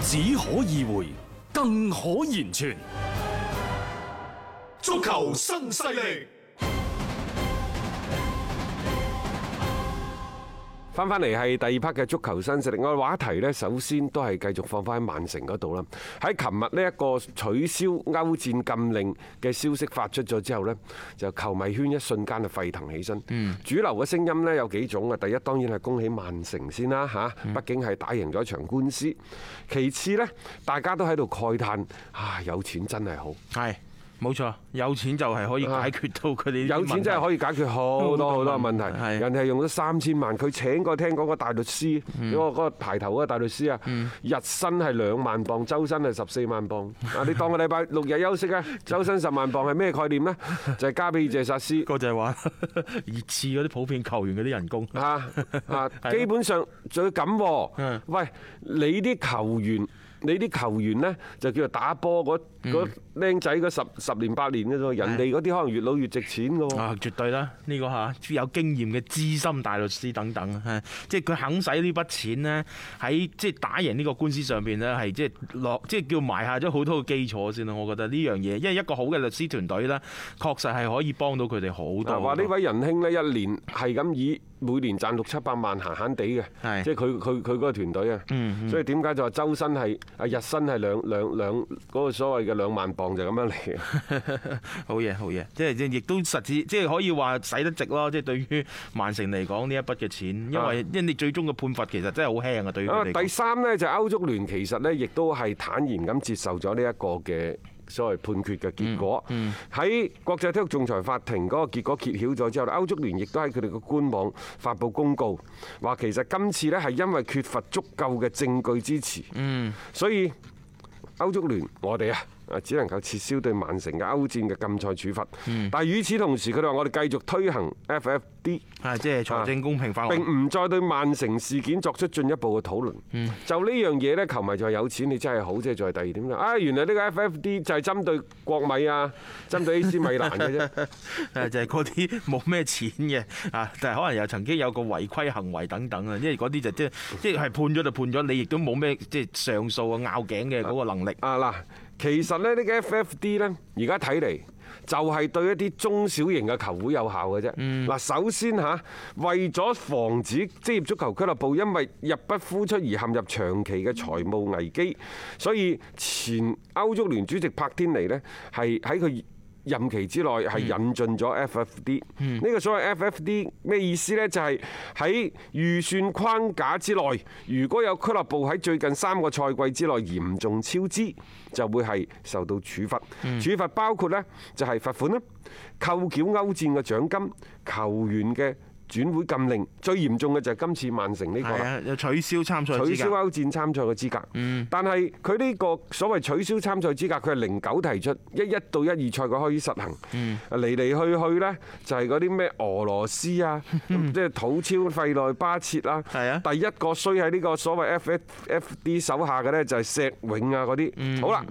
只可意會，更可言傳。足球新勢力。翻翻嚟係第二 part 嘅足球新勢力，我話題呢首先都係繼續放翻喺曼城嗰度啦。喺琴日呢一個取消歐戰禁令嘅消息發出咗之後呢，就球迷圈一瞬間就沸騰起身。主流嘅聲音呢有幾種啊，第一當然係恭喜曼城先啦嚇，畢竟係打贏咗場官司。其次呢，大家都喺度慨嘆，啊有錢真係好。係。冇錯，有錢就係可以解決到佢哋，有錢真係可以解決好多好多問題。人哋係用咗三千萬，佢請個聽講個大律師，嗰個嗰個排頭嘅大律師啊，日薪係兩萬鎊，周薪係十四萬鎊。啊，你當個禮拜六日休息啊，周薪十萬鎊係咩概念呢？就係加俾謝殺斯。個就係話熱刺嗰啲普遍球員嗰啲人工嚇啊，基本上最要咁喂，你啲球員。你啲球員呢，就叫做打波，嗰僆仔嗰十十年八年嘅啫，人哋嗰啲可能越老越值錢嘅喎。啊，絕對啦！呢個嚇，有經驗嘅資深大律師等等，即係佢肯使呢筆錢呢，喺即係打贏呢個官司上邊呢，係即係落，即係叫埋下咗好多嘅基礎先咯。我覺得呢樣嘢，因為一個好嘅律師團隊呢，確實係可以幫到佢哋好多。話呢位仁兄呢，一年係咁以。每年賺六七百萬，閒閒地嘅，即係佢佢佢嗰個團隊啊，嗯嗯，所以點解就話週薪係啊日薪係兩兩兩嗰、嗰個所謂嘅兩萬磅就咁樣嚟？ 好嘢好嘢，即係即亦都實至，即係可以話使得值咯。即係對於曼城嚟講呢一筆嘅錢，因為是的 因為你最終嘅判罰其實真係好輕啊。對於第三呢，就是、歐足聯其實呢亦都係坦然咁接受咗呢一個嘅。所謂判決嘅結果，喺國際體育仲裁法庭嗰個結果揭曉咗之後，歐足聯亦都喺佢哋嘅官網發布公告，話其實今次呢係因為缺乏足夠嘅證據支持，所以歐足聯我哋啊。啊！只能夠撤銷對曼城嘅歐戰嘅禁賽處罰，但係與此同時，佢哋話我哋繼續推行 FFD，係即係財政公平法，並唔再對曼城事件作出進一步嘅討論、嗯就。就呢樣嘢咧，球迷就話有錢你真係好，即係再第二點啦。啊，原來呢個 FFD 就係針對國米啊，針對 AC 米蘭嘅啫，就係嗰啲冇咩錢嘅啊，但係可能又曾經有個違規行為等等啊，因為嗰啲就即即係判咗就判咗，你亦都冇咩即係上訴啊拗頸嘅嗰個能力啊嗱。其實咧，呢個 FFD 呢，而家睇嚟就係對一啲中小型嘅球會有效嘅啫。嗱，首先吓，為咗防止職業足球俱樂部因為入不敷出而陷入長期嘅財務危機，所以前歐足聯主席柏天尼呢，係喺佢任期之內係引進咗 FFD，呢個所謂 FFD 咩意思呢？就係喺預算框架之內，如果有俱樂部喺最近三個賽季之內嚴重超支，就會係受到處罰。嗯、處罰包括呢，就係罰款啦、扣繳歐戰嘅獎金、球員嘅轉會禁令，最嚴重嘅就係今次曼城呢個取消參賽，取消歐戰參賽嘅資格。但係佢呢個所謂取消參賽資格，佢係零九提出，一一到一二賽季開始實行。嚟嚟去去呢，就係嗰啲咩俄羅斯啊，即係土超費內巴切啦。第一個衰喺呢個所謂 FFD 手下嘅呢，就係石永啊嗰啲。好啦。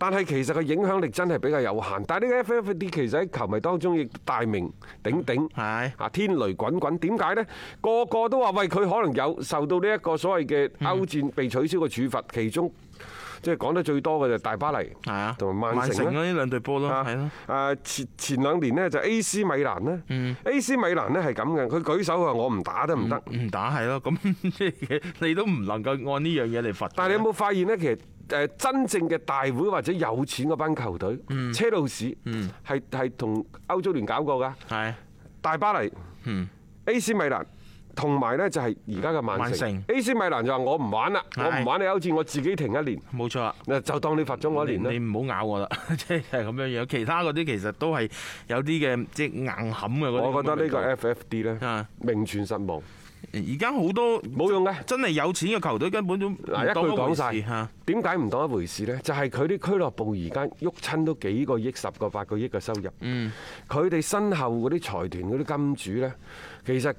但係其實佢影響力真係比較有限，但係呢個 FFD 其實喺球迷當中亦大名鼎鼎，係啊，天雷滾滾，點解咧？個個都話喂，佢可能有受到呢一個所謂嘅歐戰被取消嘅處罰，其中即係講得最多嘅就係大巴黎，係啊，同埋曼城啦，呢兩隊波咯，係咯。誒前前兩年咧就 AC 米蘭咧，AC 米蘭咧係咁嘅，佢舉手話我唔打都唔得，唔打係咯，咁即係你都唔能夠按呢樣嘢嚟罰。但係你有冇發現咧？其實誒真正嘅大會或者有錢嗰班球隊，車路士係係同歐洲聯搞過㗎。係大巴黎、嗯、AC 米蘭，同埋咧就係而家嘅曼城。AC 米蘭就話我唔玩啦，我唔玩你歐戰，我自己停一年。冇錯啦，就當你罰咗我一年啦，你唔好咬我啦，即係咁樣樣。其他嗰啲其實都係有啲嘅，即係硬冚嘅。我覺得呢個 FFD 咧，名存實亡。而家好多冇用嘅，真係有錢嘅球隊根本都一句講晒。點解唔當一回事呢？就係佢啲俱樂部而家郁親都幾個億、十個、八個億嘅收入。嗯，佢哋身後嗰啲財團嗰啲金主呢，其實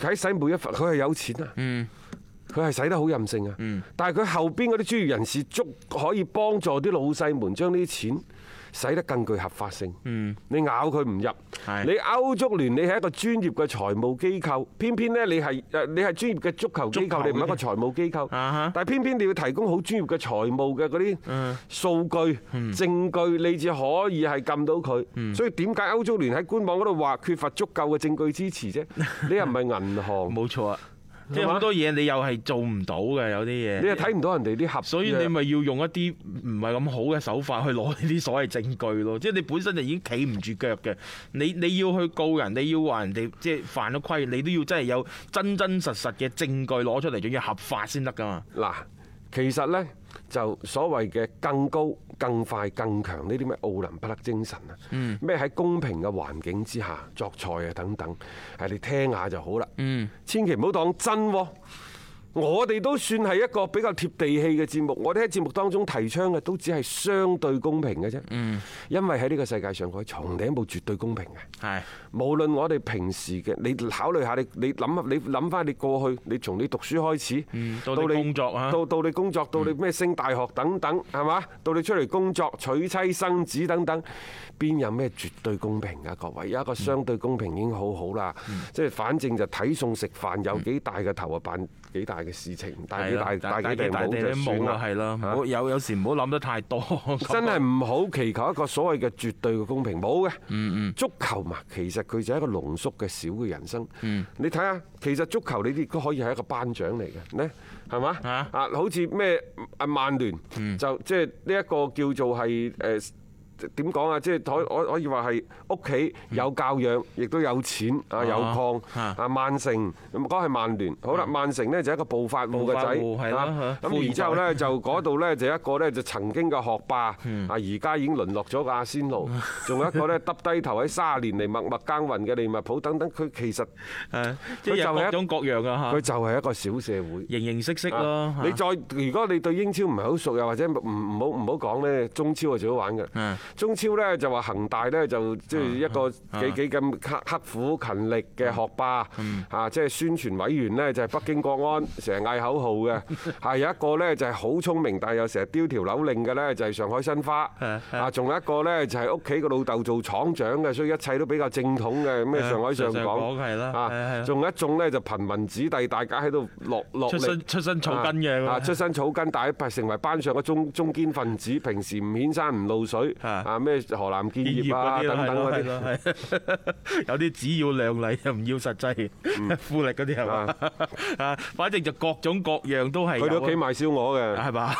喺使每一份，佢係有錢啊。嗯，佢係使得好任性啊。但係佢後邊嗰啲專業人士足可以幫助啲老細們將呢啲錢。使得更具合法性。嗯是的，你咬佢唔入，你歐足聯，你係一個專業嘅財務機構。偏偏呢，你係誒你係專業嘅足球機構，你唔係一個財務機構。但係偏偏你要提供好專業嘅財務嘅嗰啲數據、證據，你至可以係撳到佢。所以點解歐足聯喺官網嗰度話缺乏足夠嘅證據支持啫？你又唔係銀行。冇錯啊！即係好多嘢，你又係做唔到嘅，有啲嘢。你又睇唔到人哋啲合法。所以你咪要用一啲唔係咁好嘅手法去攞呢啲所謂證據咯。即係你本身就已經企唔住腳嘅，你你要去告人，你要話人哋即係犯咗規，你都要真係有真真實實嘅證據攞出嚟，仲要合法先得㗎嘛。嗱，其實咧就所謂嘅更高。更快、更強呢啲咩奧林匹克精神啊？咩喺、嗯、公平嘅環境之下作賽啊等等，係你聽下就好啦。嗯、千祈唔好當真喎。我哋都算係一個比較貼地氣嘅節目，我哋喺節目當中提倡嘅都只係相對公平嘅啫。嗯，因為喺呢個世界上佢啲重頂冇絕對公平嘅。係，無論我哋平時嘅，你考慮下你你諗啊，你諗翻你，你，你過去，你從你讀書開始，嗯、到，到你工作到到你工作，到你咩升大學等等，係嘛？到你出嚟工作、娶妻生子等等，邊有咩絕對公平㗎？各位有一個相對公平已經好好啦，嗯、即係反正就睇餸食飯，有幾大嘅頭啊，扮幾大。大嘅事情，大幾大，大幾人冇就冇啦，係咯。有有時唔好諗得太多，真係唔好祈求一個所謂嘅絕對嘅公平，冇嘅。嗯嗯。足球嘛，其實佢就係一個濃縮嘅小嘅人生。嗯。你睇下，其實足球你亦都可以係一個頒獎嚟嘅咧，係嘛？嚇啊！好似咩啊？曼聯就即係呢一個叫做係誒。點講啊？即係可可可以話係屋企有教養，亦都有錢啊，有礦啊，曼城咁講係曼聯。好啦，曼城咧就一個暴發戶嘅仔嚇，咁然之後咧就嗰度咧就一個咧就曾經嘅學霸啊，而家已經淪落咗個阿仙奴，仲有一個咧耷低頭喺卅年嚟默默耕耘嘅利物浦等等。佢其實誒，即係有各種各樣啊嚇。佢就係一個小社會，形形色色咯。你再如果你對英超唔係好熟又或者唔唔好唔好講咧，中超啊最好玩嘅。中超呢就話恒大呢就即係一個幾幾咁刻苦勤力嘅學霸，啊，即係宣傳委員呢就係北京國安，成日嗌口號嘅。係有一個呢就係好聰明，但係又成日丟條紐鈴嘅呢就係上海申花。啊，仲有一個呢就係屋企個老竇做廠長嘅，所以一切都比較正統嘅，咩上海上港係啦。啊，仲有一種呢就貧民子弟，大家喺度落落力。出身出身草根嘅，出身草根，但係成為班上嘅中中堅分子，平時唔顯山唔露水。啊！咩河南建業啊，等等嗰啲，有啲只要靚麗又唔要實際富力嗰啲，係嘛？啊，反正就各種各樣都係。去屋企賣燒鵝嘅係嘛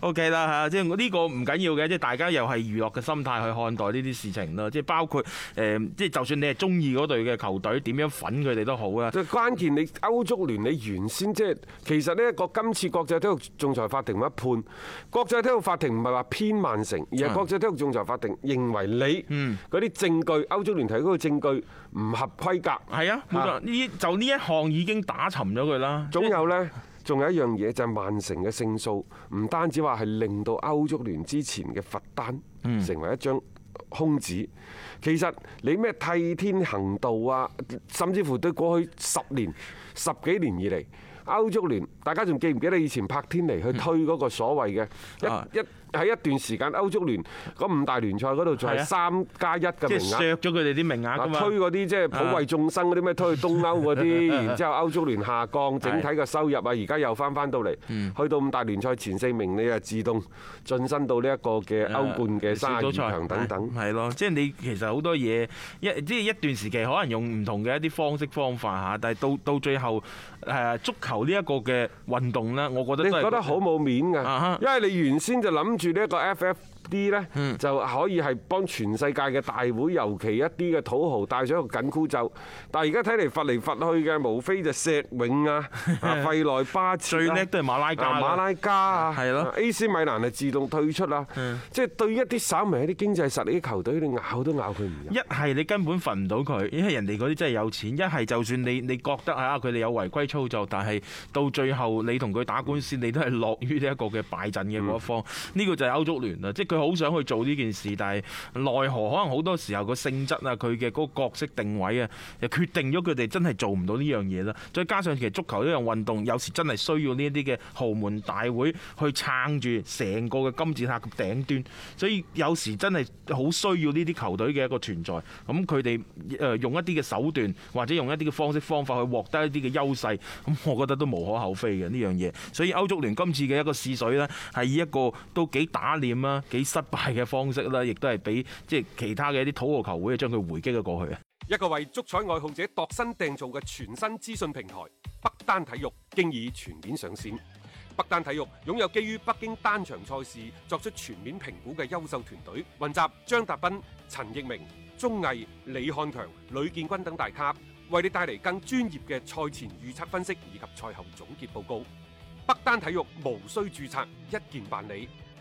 ？O K 啦嚇，即係呢個唔緊要嘅，即係大家又係娛樂嘅心態去看待呢啲事情咯。即係包括誒，即係就算你係中意嗰隊嘅球隊，點樣粉佢哋都好啦。關鍵你歐足聯，你原先即係其實呢個今次國際體育仲裁法庭一判，國際體育法庭唔係話偏曼城而～國際體育仲裁法庭認為你嗰啲證據，歐足聯提供嘅證據唔合規格，係啊冇錯，呢就呢一項已經打沉咗佢啦。總有呢，仲有一樣嘢就係曼城嘅勝訴，唔單止話係令到歐足聯之前嘅罰單成為一張空紙。其實你咩替天行道啊，甚至乎對過去十年、十幾年以嚟。歐足聯，大家仲記唔記得你以前柏天尼去推嗰個所謂嘅一一喺一段時間歐足聯嗰五大聯賽嗰度仲係三加一嘅名額，即係削咗佢哋啲名額，推嗰啲即係普惠眾生嗰啲咩推去東歐嗰啲，然之後歐足聯下降，整體嘅收入啊，而家又翻翻到嚟，去到五大聯賽前四名你啊自動晉身到呢一個嘅歐冠嘅卅二強等等。係咯，即係你其實好多嘢一即係一段時期可能用唔同嘅一啲方式方法嚇，但係到到最後誒足球。呢一個嘅運動咧，我覺得你覺得好冇面㗎，啊哈因為你原先就諗住呢一個 FF。啲咧就可以係幫全世界嘅大會，尤其一啲嘅土豪戴上一個緊箍咒。但係而家睇嚟，罰嚟罰去嘅，無非就石永啊、費內巴切啦、最叻都係馬拉加、馬拉加啊。係咯，AC 米蘭係自動退出啦。即係對一啲稍微有啲經濟實力嘅球隊，你咬都咬佢唔入。一係你根本罰唔到佢，因為人哋嗰啲真係有錢。一係就算你你覺得嚇佢哋有違規操作，但係到最後你同佢打官司，你都係落於呢一個嘅敗陣嘅嗰一方。呢個就係歐足聯啦，即係。佢好想去做呢件事，但係奈何可能好多時候個性質啊，佢嘅個角色定位啊，又決定咗佢哋真係做唔到呢樣嘢啦。再加上其實足球呢樣運動，有時真係需要呢一啲嘅豪門大會去撐住成個嘅金字塔嘅頂端，所以有時真係好需要呢啲球隊嘅一個存在。咁佢哋誒用一啲嘅手段，或者用一啲嘅方式方法去獲得一啲嘅優勢，咁我覺得都無可厚非嘅呢樣嘢。所以歐足聯今次嘅一個試水啦，係以一個都幾打臉啊，幾～失敗嘅方式啦，亦都係俾即係其他嘅一啲土豪球會將佢回擊咗過去啊！一個為足彩愛好者度身訂造嘅全新資訊平台北單體育，經已全面上線。北單體育擁有基於北京單場賽事作出全面評估嘅優秀團隊，雲集張達斌、陳奕明、鍾毅、李漢強、呂建軍等大咖，為你帶嚟更專業嘅賽前預測分析以及賽後總結報告。北單體育無需註冊，一鍵辦理。